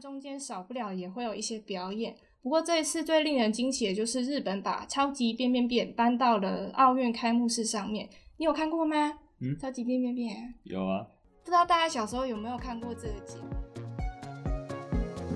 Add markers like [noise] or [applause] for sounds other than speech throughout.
中間少不了也會有一些表演，不過這一次最令人驚奇的就是日本把《超級變變變》搬到了奧運開幕式上面，你有看過嗎？嗯，《超級變變變》有啊，不知道大家小時候有沒有看過這集？嗯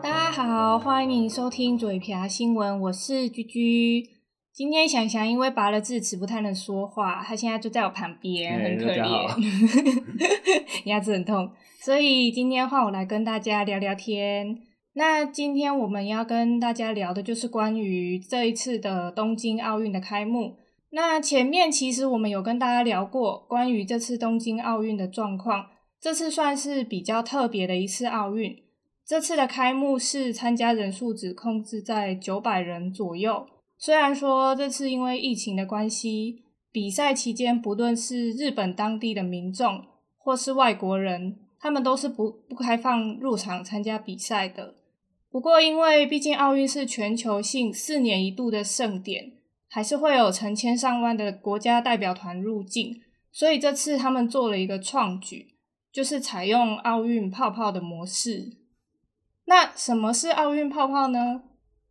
啊、大家好，歡迎收聽嘴 ㄆㄧㄚˊ 新聞，我是居居。今天想想因為拔了智齒，不太能說話。他現在就在我旁邊，很可憐， [laughs] 牙齒很痛。所以今天的話，我來跟大家聊聊天。那今天我們要跟大家聊的就是關於這一次的東京奧運的開幕。那前面其實我們有跟大家聊過關於這次東京奧運的狀況。這次算是比較特別的一次奧運。這次的開幕式參加人數只控制在九百人左右。雖然說這次因為疫情的關係，比賽期間不論是日本當地的民眾或是外國人，他們都是不不開放入場參加比賽的。不過，因為畢竟奧運是全球性四年一度的盛典，還是會有成千上萬的國家代表團入境，所以這次他們做了一個創舉，就是採用奧運泡泡的模式。那什麼是奧運泡泡呢？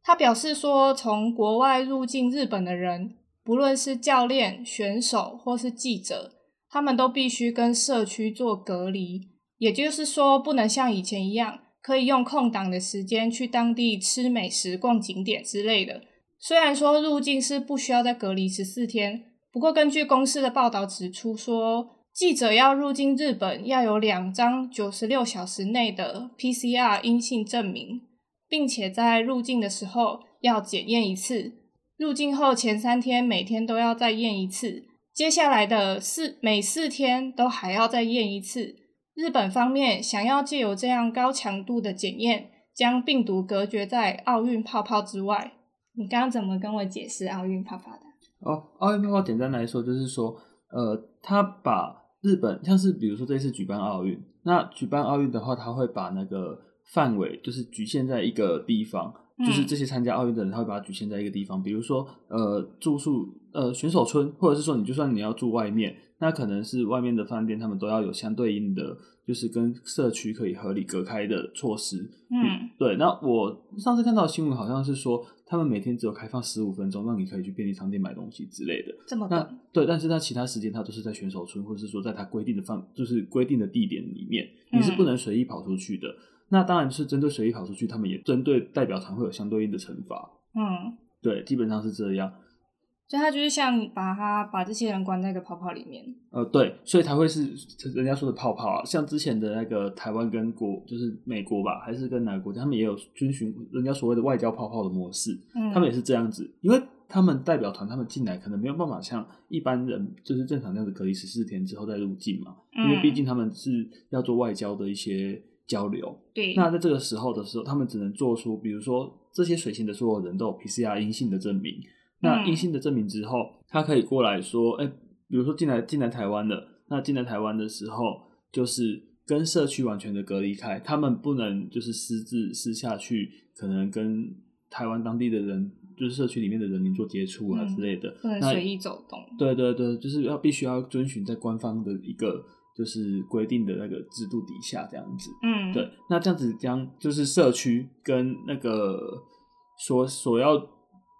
他表示說，從國外入境日本的人，不論是教練、選手或是記者，他們都必須跟社區做隔離。也就是說，不能像以前一樣，可以用空檔的時間去當地吃美食、逛景點之類的。雖然說入境是不需要再隔離十四天，不過根據公司的報道指出說，說記者要入境日本，要有兩張九十六小時內的 PCR 陰性證明。並且在入境的時候要檢驗一次，入境後前三天每天都要再驗一次，接下來的四每四天都還要再驗一次。日本方面想要借由這樣高強度的檢驗，將病毒隔絕在奧運泡泡之外。你剛剛怎麼跟我解釋奧運泡泡的？哦，奧運泡泡簡單來說就是說，呃，他把日本像是比如說這次舉辦奧運，那舉辦奧運的話，他會把那個。範圍就是局限在一個地方，嗯、就是這些參加奧運的人，他會把它局限在一個地方。比如說，呃，住宿，呃，選手村，或者是說，你就算你要住外面，那可能是外面的飯店，他們都要有相對應的，就是跟社區可以合理隔開的措施。嗯，對。那我上次看到的新聞，好像是說他們每天只有開放十五分鐘，讓你可以去便利商店買東西之類的。這麼？那對，但是他其他時間，他都是在選手村，或者是說，在他規定的範，就是規定的地點裡面，你是不能隨意跑出去的。嗯。那當然就是針對隨意跑出去，他們也針對代表團會有相對應的懲罰。嗯，對，基本上是這樣。所以他就是像把他把這些人關在一個泡泡裡面。呃，對，所以才會是人家說的泡泡啊。像之前的那個台灣跟國，就是美國吧，還是跟哪個國家，他們也有遵循人家所謂的外交泡泡的模式。嗯，他們也是這樣子，因為他們代表團他們進來可能沒有辦法像一般人，就是正常這樣子隔離十四天之後再入境嘛。嗯，因為畢竟他們是要做外交的一些。交流，對。那在這個時候的時候，他們只能做出，比如說這些水星的所有人都有 PCR 陰性的證明。嗯、那陰性的證明之後，他可以過來說，哎、欸，比如說進來進來台灣了，那進來台灣的時候，就是跟社區完全的隔離開，他們不能就是私自私下去，可能跟台灣當地的人，就是社區裡面的人民做接觸啊之類的，嗯、隨意走動。對對對，就是要必須要遵循在官方的一個。就是規定的那個制度底下這樣子，嗯，對，那這樣子將就是社區跟那個所所要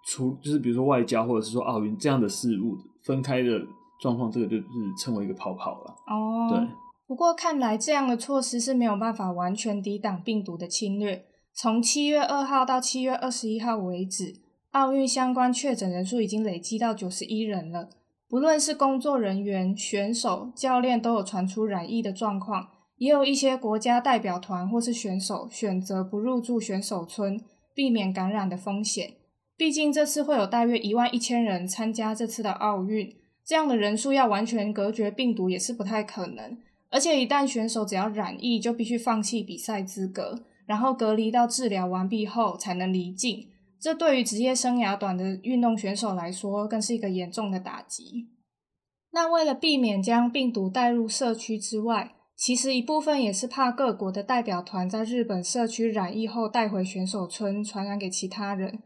除，就是比如說外交或者是說奧運這樣的事物分開的狀況，這個就是成為一個泡泡了。哦，對。不過看來這樣的措施是沒有辦法完全抵擋病毒的侵略。從七月二號到七月二十一號為止，奧運相關確診人數已經累積到九十一人了。無論是工作人員、選手、教練，都有傳出染疫的狀況，也有一些國家代表團或是選手選擇不入住選手村，避免感染的風險。畢竟這次會有大約一萬一千人參加這次的奧運，這樣的人數要完全隔絕病毒也是不太可能。而且一旦選手只要染疫，就必須放棄比賽資格，然後隔離到治療完畢後才能離境。這對於職業生涯短的運動選手來說，更是一個嚴重的打擊。那為了避免將病毒帶入社區之外，其實一部分也是怕各國的代表團在日本社區染疫後帶回選手村，傳染給其他人。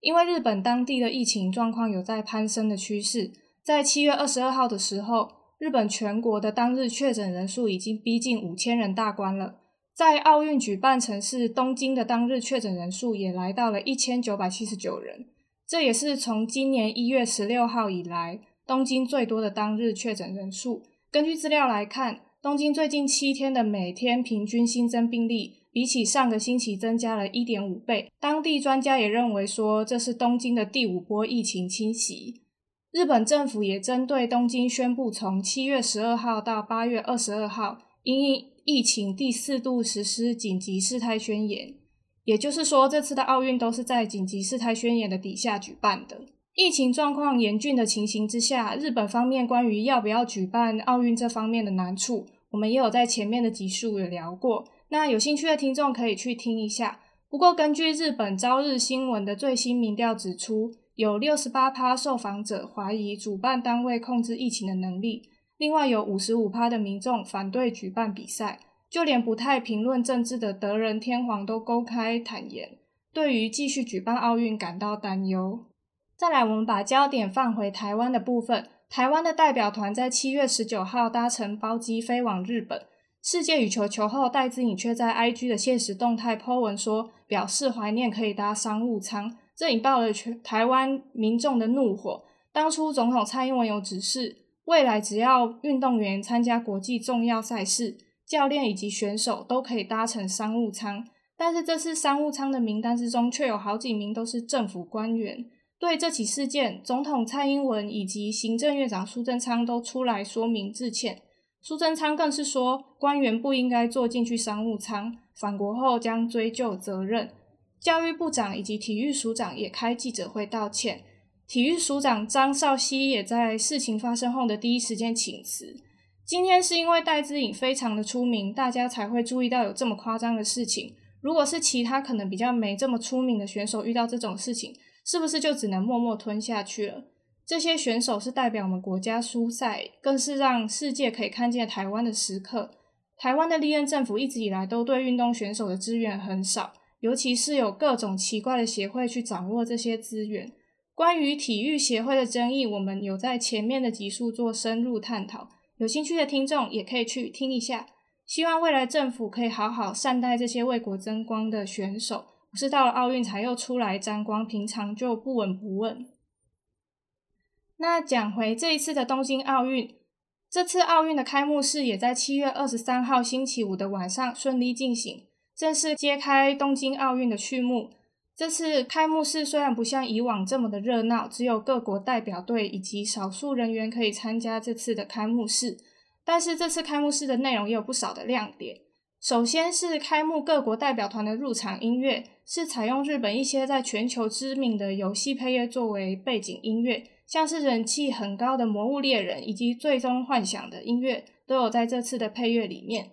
因為日本當地的疫情狀況有在攀升的趨勢，在七月二十二號的時候，日本全國的當日確診人數已經逼近五千人大關了。在奧運舉辦城市東京的當日確診人數也來到了一千九百七十九人，這也是從今年一月十六號以來東京最多的當日確診人數。根據資料來看，東京最近七天的每天平均新增病例比起上個星期增加了一點五倍。當地專家也認為說這是東京的第五波疫情侵襲。日本政府也針對東京宣布，從七月十二號到八月二十二號因應。疫情第四度實施緊急事態宣言，也就是說，這次的奧運都是在緊急事態宣言的底下舉辦的。疫情狀況嚴峻的情形之下，日本方面關於要不要舉辦奧運這方面的難處，我們也有在前面的集數有聊過。那有興趣的聽眾可以去聽一下。不過，根據日本朝日新聞的最新民調指出，有六十八趴受訪者懷疑主辦單位控制疫情的能力。另外有五十五趴的民眾反對舉辦比賽，就連不太評論政治的德仁天皇都公開坦言，對於繼續舉辦奧運感到擔憂。再來，我們把焦點放回台灣的部分，台灣的代表團在七月十九號搭乘包機飛往日本。世界羽球球後戴資穎卻在 IG 的限時動態 po 文說，表示懷念可以搭商務艙，這引爆了全台灣民眾的怒火。當初總統蔡英文有指示。未來只要運動員參加國際重要賽事，教練以及選手都可以搭乘商務艙。但是這次商務艙的名單之中，卻有好幾名都是政府官員。對這起事件，總統蔡英文以及行政院長蘇貞昌都出來說明致歉。蘇貞昌更是說，官員不應該坐進去商務艙，返國後將追究責任。教育部長以及體育署長也開記者會道歉。體育署長張少熙也在事情發生後的第一時間請辭。今天是因為戴資穎非常的出名，大家才會注意到有這麼誇張的事情。如果是其他可能比較沒這麼出名的選手遇到這種事情，是不是就只能默默吞下去了？這些選手是代表我們國家出賽，更是讓世界可以看見台灣的時刻。台灣的歷任政府一直以來都對運動選手的資源很少，尤其是有各種奇怪的協會去掌握這些資源。關於體育協會的爭議，我們有在前面的集數做深入探討，有興趣的聽眾也可以去聽一下。希望未來政府可以好好善待這些為國爭光的選手，不是到了奧運才又出來沾光，平常就不聞不問。那講回這一次的東京奧運，這次奧運的開幕式也在七月二十三號星期五的晚上順利進行，正式揭開東京奧運的序幕。這次開幕式雖然不像以往這麼的熱鬧，只有各國代表隊以及少數人員可以參加這次的開幕式，但是這次開幕式的內容也有不少的亮點。首先是開幕各國代表團的入場音樂，是採用日本一些在全球知名的遊戲配樂作為背景音樂，像是人氣很高的《魔物獵人》以及《最終幻想》的音樂，都有在這次的配樂裡面。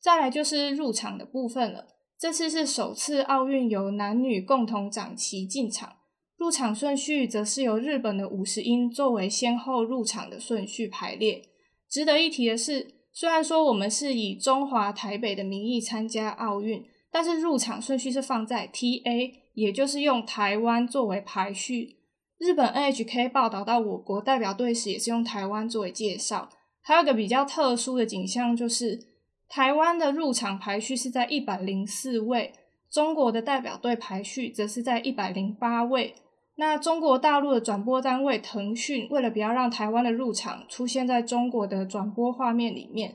再來就是入場的部分了。這次是首次奧運由男女共同掌旗進場，入場順序則是由日本的五十音作為先後入場的順序排列。值得一提的是，雖然說我們是以中華台北的名義參加奧運，但是入場順序是放在 TA，也就是用台灣作為排序。日本 NHK 報道到我國代表隊時也是用台灣作為介紹。還有個比較特殊的景象就是。台灣的入場排序是在一百零四位，中國的代表隊排序則是在一百零八位。那中國大陸的轉播單位騰訊，為了不要讓台灣的入場出現在中國的轉播畫面裡面，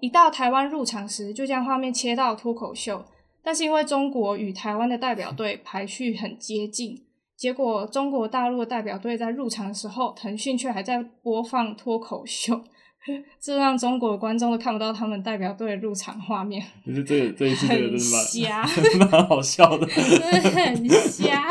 一到台灣入場時，就將畫面切到脫口秀。但是因為中國與台灣的代表隊排序很接近，結果中國大陸的代表隊在入場的時候，騰訊卻還在播放脫口秀。這讓中國觀眾都看不到他們代表隊的入場畫面，就是這這一次瞎，蠻好笑的，很瞎。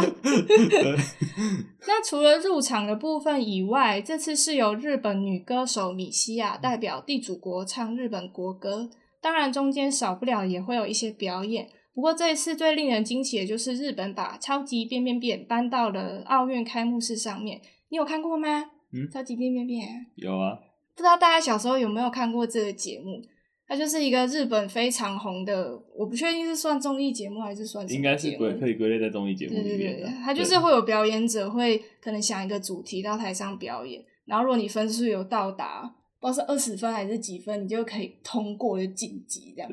那除了入場的部分以外，這次是由日本女歌手米西亞代表地主國唱日本國歌，當然中間少不了也會有一些表演。不過這一次最令人驚奇的就是日本把超級變變變搬到了奧運開幕式上面，你有看過嗎？嗯，超級變變變有啊。不知道大家小時候有沒有看過這個節目？它就是一個日本非常紅的，我不確定是算綜藝節目還是算節目……應該是歸可以歸類在綜藝節目裡面，啊。對對對，它就是會有表演者對會可能想一個主題到台上表演，然後如果你分數有到達，不知道是二十分還是幾分，你就可以通過晉級這樣，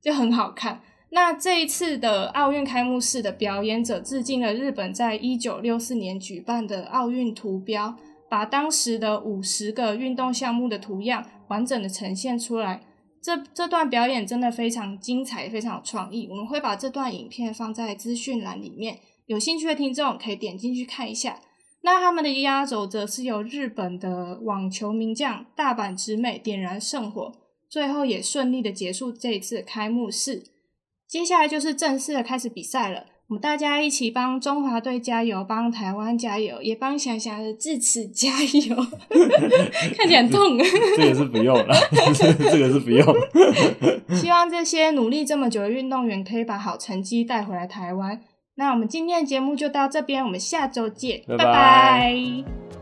就很好看。對那這一次的奧運開幕式，的表演者致敬了日本在一九六四年舉辦的奧運圖標。把當時的五十個運動項目的圖樣完整的呈現出來，這這段表演真的非常精彩，非常有創意。我們會把這段影片放在資訊欄裡面，有興趣的聽眾可以點進去看一下。那他們的壓軸則是由日本的網球名將大坂直美點燃聖火，最後也順利的結束這一次開幕式。接下來就是正式的開始比賽了。我們大家一起幫中華隊加油，幫台灣加油，也幫想想的智齒加油。 [laughs] 看起來很痛啊， [laughs] 這個是不用了， [laughs] [laughs] 這個是不用。 [laughs] 希望這些努力這麼久的運動員可以把好成績帶回來台灣。那我們今天的節目就到這邊，我們下周見，拜拜 bye。Bye bye